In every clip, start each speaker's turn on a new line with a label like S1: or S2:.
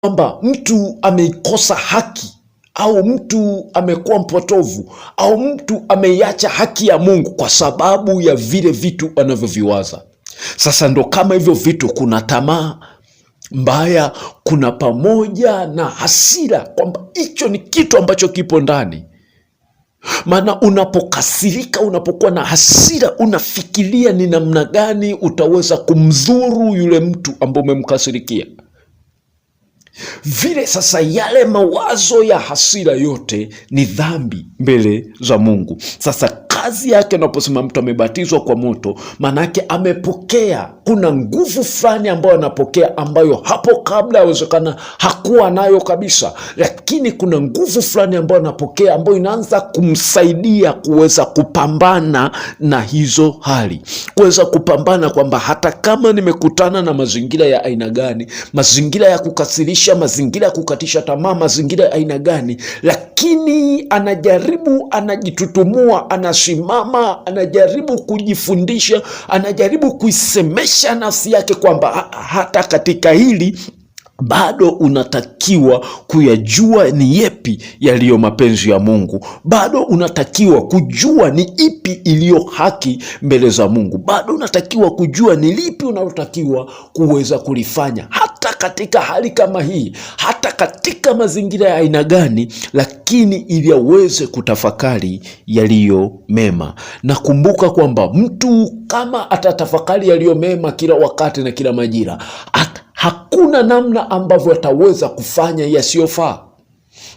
S1: Kwamba mtu ameikosa haki au mtu amekuwa mpotovu au mtu ameiacha haki ya Mungu kwa sababu ya vile vitu anavyoviwaza. Sasa ndo kama hivyo vitu, kuna tamaa mbaya, kuna pamoja na hasira, kwamba hicho ni kitu ambacho kipo ndani. Maana unapokasirika, unapokuwa na hasira, unafikiria ni namna gani utaweza kumdhuru yule mtu ambaye umemkasirikia vile sasa yale mawazo ya hasira yote ni dhambi mbele za Mungu. Sasa kazi yake. Unaposema mtu amebatizwa kwa moto, maanake amepokea, kuna nguvu fulani ambayo anapokea ambayo hapo kabla yawezekana hakuwa nayo kabisa, lakini kuna nguvu fulani ambayo anapokea ambayo inaanza kumsaidia kuweza kupambana na hizo hali, kuweza kupambana kwamba hata kama nimekutana na mazingira ya aina gani, mazingira ya kukasirisha, mazingira ya kukatisha tamaa, mazingira ya aina gani, lakini anajaribu, anajitutumua, anas kusimama, anajaribu kujifundisha, anajaribu kuisemesha nafsi yake kwamba hata katika hili bado unatakiwa kuyajua ni yepi yaliyo mapenzi ya Mungu. Bado unatakiwa kujua ni ipi iliyo haki mbele za Mungu. Bado unatakiwa kujua ni lipi unalotakiwa kuweza kulifanya katika hali kama hii, hata katika mazingira ya aina gani, lakini ili aweze kutafakari yaliyo mema. Na kumbuka kwamba mtu kama atatafakari yaliyo mema kila wakati na kila majira At hakuna namna ambavyo ataweza kufanya yasiyofaa,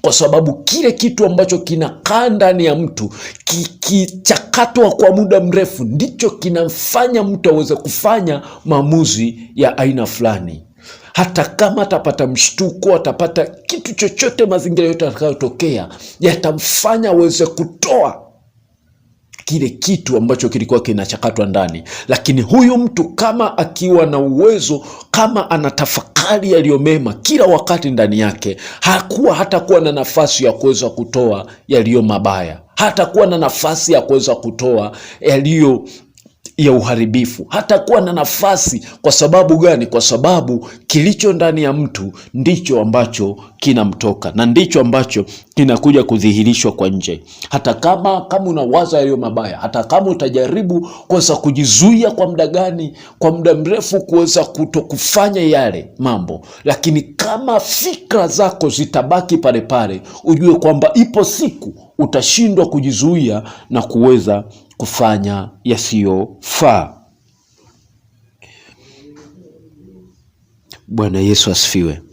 S1: kwa sababu kile kitu ambacho kinakaa ndani ya mtu kikichakatwa kwa muda mrefu ndicho kinamfanya mtu aweze kufanya maamuzi ya aina fulani hata kama atapata mshtuko, atapata kitu chochote, mazingira yote atakayotokea yatamfanya aweze kutoa kile kitu ambacho kilikuwa kinachakatwa ndani. Lakini huyu mtu kama akiwa na uwezo, kama ana yaliyo mema kila wakati ndani yake, hakuwa hatakuwa na nafasi ya kuweza kutoa yaliyo mabaya, hatakuwa na nafasi ya kuweza kutoa yaliyo ya uharibifu, hatakuwa na nafasi. Kwa sababu gani? Kwa sababu kilicho ndani ya mtu ndicho ambacho kinamtoka na ndicho ambacho kinakuja kudhihirishwa kwa nje. Hata kama kama unawaza yaliyo mabaya, hata kama utajaribu kuweza kujizuia kwa muda gani, kwa muda mrefu, kuweza kutokufanya yale mambo, lakini kama fikra zako zitabaki pale pale, ujue kwamba ipo siku utashindwa kujizuia na kuweza kufanya yasiyofaa.
S2: Bwana Yesu asifiwe.